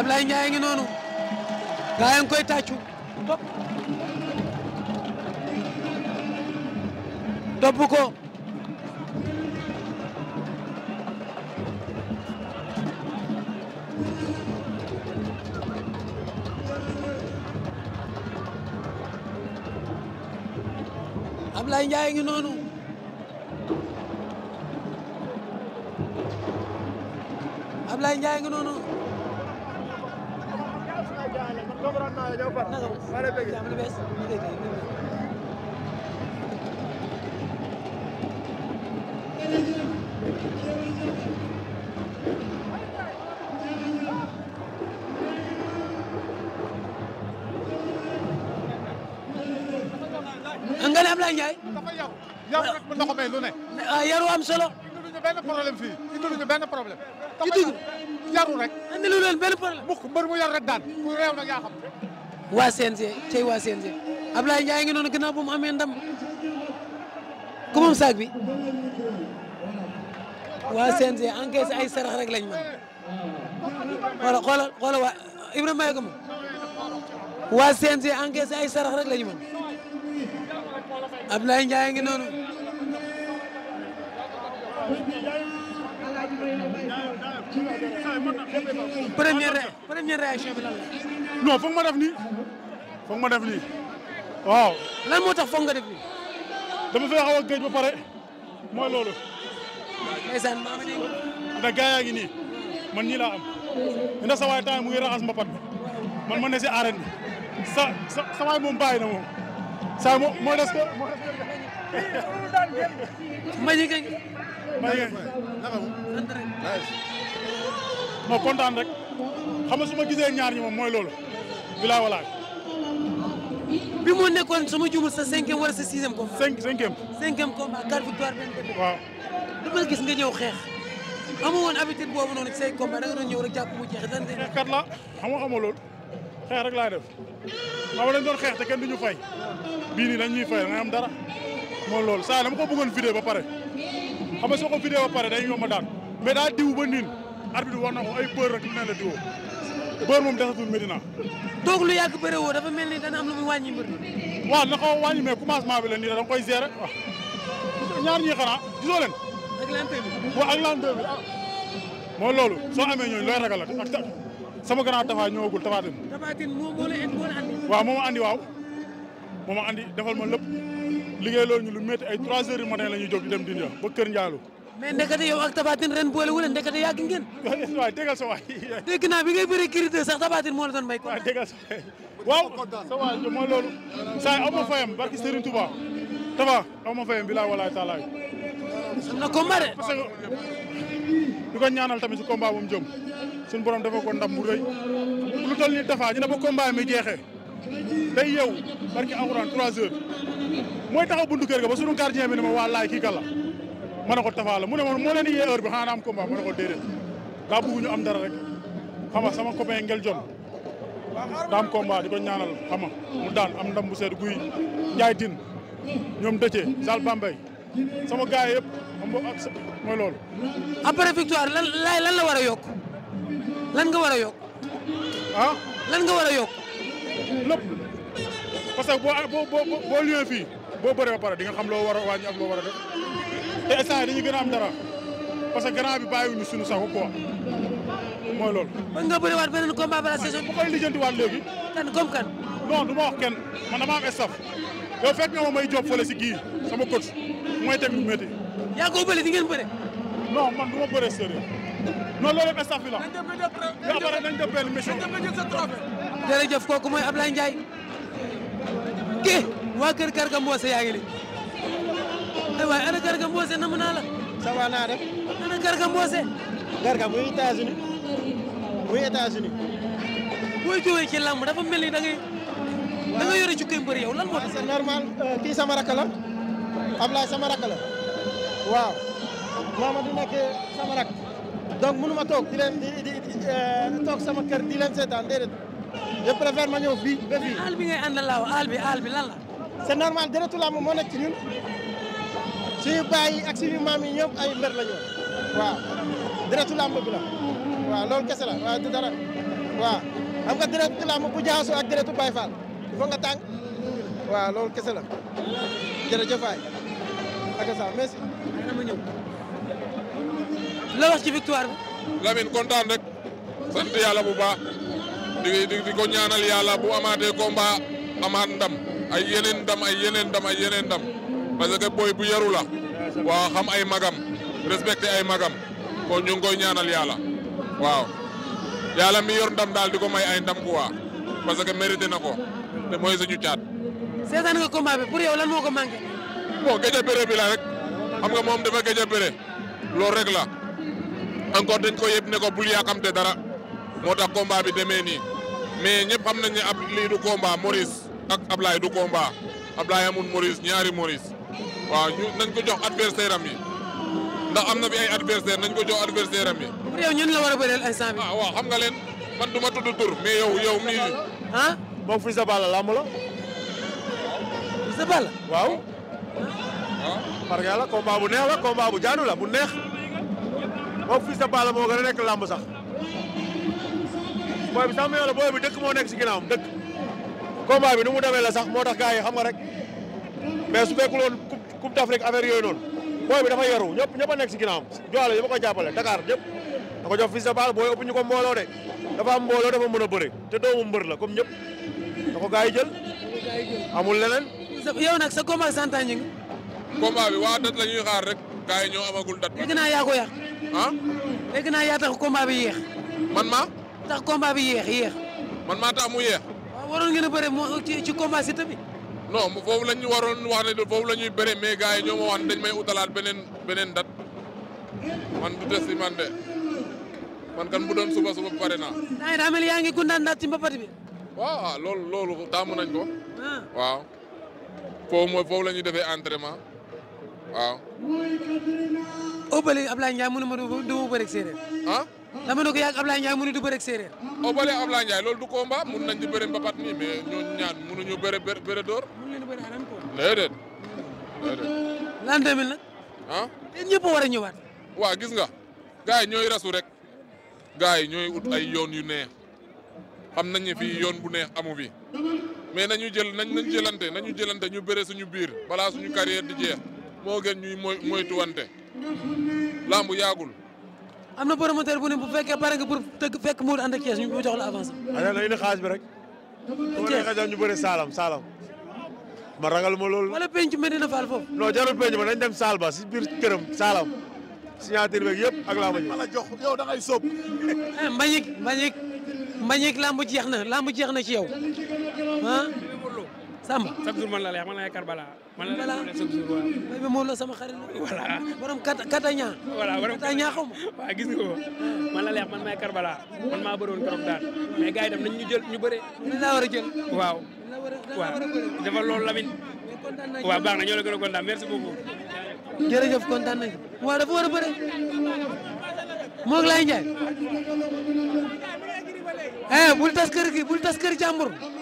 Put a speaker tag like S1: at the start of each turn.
S1: Ablaye Ndiaye ngi noonu gaa yi ngi koy tàccu topp topp ko Ablaye Ndiaye ngi noonu Ablaye noonu comprendre naa yow Fat maa lay bëgg nga ne Ablaye Ndiaye. dafa yaw yaw nag bu ndox mee lu ne. ah yaru am solo. indiluñu benn problème fii indiluñu benn problème. ci dugub yaru rek. andi lu leen benn problème. mukk mbër mu yar rek daan ku réew waa CNG tey waa CNG Ablaye noonu gannaaw ba mu amee ndam ku saag bi waa CNG encaissé ay sarax rek lañ mën xoolal xoolal xoolal waa Ibrahima Maye ko moom waa ay sarax rek lañ mën Ablaye Ndiaye ngi noonu. première première réaction bi lan la.
S2: non foog ma def nii foog ma def nii waaw. lan moo tax foog nga def nii. dama fee xaw a géej ba pare mooy loolu. ndeysaan maa ngi yaa ngi nii man ñii laa am. ndax sa waay temps mu ngi raxas mbapat man ma ne si arène bi sa sa sa waay moom bàyyi na moom saa mo moo des ko. ma ñu gëj. ma moo kontaan rek xam nga su ma gisee ñaar ñi moom mooy lool bilaay walaay. bi moo nekkoon sama jumul sa cinquième wala sa sixième
S1: combat. cinq cinquième. cinquième combat quatre victoire benn défaite. waaw. dama gis nga ñëw xeex.
S2: amoo woon habitude boobu noonu say combat da nga doon ñëw rek jàpp mu jeex lan. xeexkat la xam nga xamoo loolu xeex rek laay def xam nga dañ doon xeex te kenn du fay bii nii dañ ñuy fay da ngay am dara moo loolu saa dama ko bëggoon vidéo ba pare xam nga soo ko vidéo ba pare day yomb a daan mais daa diw ba arbitre bi wax na ko ay bër rek lu ne la diwoo bër moom desatul Medina. toog lu yàgg bëre woo dafa mel ni dana lu muy wàññi mbër. waaw na xaw a wàññi mais commencement bi la nii da nga koy gérer waaw ñaar ñii xanaa gisoo leen. ak lan tey bi waaw ak lan tey bi ah. mooy loolu soo amee ñooñu looy ragal ak sama grand tafa ñëwagul tafa dem.
S1: tafa dem moo moo la andi. waaw moo ma andi
S2: waaw moo ma andi defal ma lépp liggéey loolu ñu lu métti ay 3 heures du matin la ñuy jóg di dem Dindia ba Kër Ndialo.
S1: mais ndekete yow ak
S2: Tapha Tine ren boole wu leen ndekete yàgg ngeen. waaw déggal sa waay. dégg naa bi ngay bëree kirite sax Tapha Tine moo la doon may. waaw déggal sa waay waaw. sa waay mooy loolu. saa yi aw ma fayam barki Serigne Touba. Tapha aw ma fayam bilaay walaay taalaay. am na combat de. parce que du ko ñaanal tamit si combat bu mu jëm suñu borom dafa ko ndam bu rëy lu toll nii Tapha ñu ne ba combat mi jeexee day yow barki Alxuraan 3 heures mooy taxaw buntu kër ga ba sunu gardien bi ne ma waa laay kii kala. ma ne ko Tapha mu ne ma moo leen yee heure bi xanaa am combat ma ne ko déedéet daa bëgg am dara rek xam nga sama copain Ngel John daa am combat di ko ñaanal xam nga mu daan am ndam bu guy Ndiaye ñoom Dëcce Zal Bambey sama gars yëpp xam nga mooy loolu. lan la war a yokk lan nga war a yokk. ah lan war yokk. lépp que boo boo boo boo liyee fii boo bëree di xam loo war a wàññi ak loo war a def. te instant dañu gën a am dara parce que grand bi bàyyiwuñu suñu saxu quoi mooy lool mën nga bëriwaat beneen combat bala saison. bu koy lijjantiwaat léegi. kan comme kan. non du ma wax kenn man dama am staff yow fekk nga ma may job fële si kii sama coach mooy teg lu métti. yaa ko bëri di ngeen bëre. non man du ma bëree sérieux non loolu yëpp staff bi la. yow pare nañ def benn mission.
S1: jërëjëf kooku mooy Ablaye Ndiaye. kii waa kër Garga Mbossé yaa ngi nii. ay waay ana Garga Mbossé namu naa la. ça naa def. ana Garga Mbossé. Garga muy États-Unis muy États-Unis booy jógee ci làmb dafa mel ni da ngay. da nga yore jukkee mbër yow lan normal euh, kii sama rakk la Ablaye sama rakk la waaw Mamadou nekk sama rakk donc mënu ma toog di leen di di euh, toog sama kër di leen seetaan déedéet je ma ñëw fii ba fii. aal bi ngay àndal laaw aal bi aal bi lan la. c'est normal dërëtu làmb moo nekk ci ñun. si bàyyi ak suñu maam yi ñoom ay mbër la ñu waaw deretu làmb bi la loolu kese la waaw du dara waaw xam nga deretu làmb bu jaxasoo ak deretu Baye Fall il faut nga tàng waaw loolu kese la jërëjëf waay ak sa merci.
S3: la ci victoire bi. kontaan rek sant yàlla bu baax di di ko ñaanal yàlla bu amaatee combat amaat ndam ay yeneen ndam ay yeneen ndam ay yeneen ndam. parce que booy bu yaru la waaw xam ay magam respecté ay magam kon ñu ngi ñaanal yàlla waaw yàlla mi yor ndam daal di ko may ay ndam ku waa parce que mérité na ko te mooy suñu seetaan nga combat bi pour lan moo ko manqué. bon géej a rek xam nga moom dafa géej a bëre loolu rek la encore dañ ko yëpp ne ko bul yàkkamte dara moo tax combat bi demee nii mais ñëpp xam nañ ne ab lii ak Ablaye du combat Ablaye amul ñaari Maurice. waaw ñu nañ ko jox adversaire am yi ndax am na bi ay adversaire nañ ko jox adversaire am yi. yow ñun la war a ah, waaw xam nga leen man du ma tudd tur mais yow yow mi
S2: ah moom moo de Balla làmb la. Fils de waaw. waaw parce que yàlla combat bu neex la combat bu jaadu la bu neex moom Fils de Balla moo gën a nekk làmb sax booy bi sax mu yor la booy bi dëkk moo nekk si ginnaawam dëkk. combat bi nu mu demee la sax moo tax gars yi xam nga rek mais su fekkuloon coupe d'Afrique affaire yooyu noonu booy bi dafa yaru ñëpp ñëpp a nekk si ginnaawam joala ñëpp a koy jàppale Dakar ñëpp da ko jox Fils de Balla booy ëpp ñu ko mbooloo de dafa am mbooloo dafa mën a bëre te doomu mbër la
S1: comme ñëpp da ko gars yi jël amul leneen yow nag sa combat santan ñi
S3: combat bi waa dat la ñuy xaar rek gars yi ñoo amagul dat dégg naa yaa ko yàq ah
S1: dégg naa yaa tax combat bi yéex man maa tax combat bi yéex yéex man maa tax mu
S3: yéex waaw waroon ngeen a bëre ci combat si tamit no foofu lañ ñu waroon wax ne foofu mais gaa yi ñoo ma wax ne dañ may utalaat beneen beneen date man du des si man de man kan bu doon suba suba pare naa.
S1: daa yaa ngi gundaan daal ci mbapat bi.
S3: waaw loolu loolu taamu nañ ko. Ah. waaw foofu mooy foofu la ñuy defee entraînement waaw.
S1: au bële Ablaye Ndiaye mu ne ma du ma bëreeg
S3: séeréer. ah. dama ne ko yàgg Ablaye Ndiaye mu ne du bëreeg séeréer. au bële Ablaye Ndiaye loolu du combat mun nañ di bëre mbapat nii mais ñooñu ñaan mënuñu bëre door.
S1: mun leen bëre aram
S3: a déedéet déedéet. l'an 2000 nag. ah. te ñëpp war a ñëwaat. waaw gis nga gars yi ñooy rasu rek gars yi ñooy ut ay yoon yu neex xam nañ ne yoon bu neex amu fi mais nañu jël nañ jëlante nañu jëlante ñu bëre suñu biir balaa suñu carrière di moo gën ñuy moy tuwante lamb yaagul.
S1: am na promoteur bu ne bu fekkee pare nga pour tëgg fekk mu ànd ak Thiès ñu jox la avance.
S3: xanaa na indi xaalis bi rek.
S2: Thiès ñu bëri Saalam Saalam. ma ragal ma loolu.
S1: wala penc Medina Fall foofu.
S2: non jarul penc ma nañ dem Saal ba si biir këram Saalam. signature beeg yëpp ak laa ma ma
S1: la jox yow da ngay sóob. Eh, mbañik mbañik mbañik lamb jeex na lamb jeex na ci yow Samb chaque man la lay wax man la lay Karbala. man la lay wax chaque jour waaw. moom la sama xarit la. voilà borom kat kataña. voilà borom kataña xaw ma. waaw gis nga ko man la lay wax man maay Karbala man maa bëroon trop daal mais gars yi dem nañ ñu jël ñu bëree. dañ laa war a jël. waaw. waaw dafa loolu Lamine. waaw baax na ñoo la gën a kontaan merci beaucoup. jërëjëf kontaan nañu waaw dafa war a
S2: moog lay Ndiaye. eh bul tas kër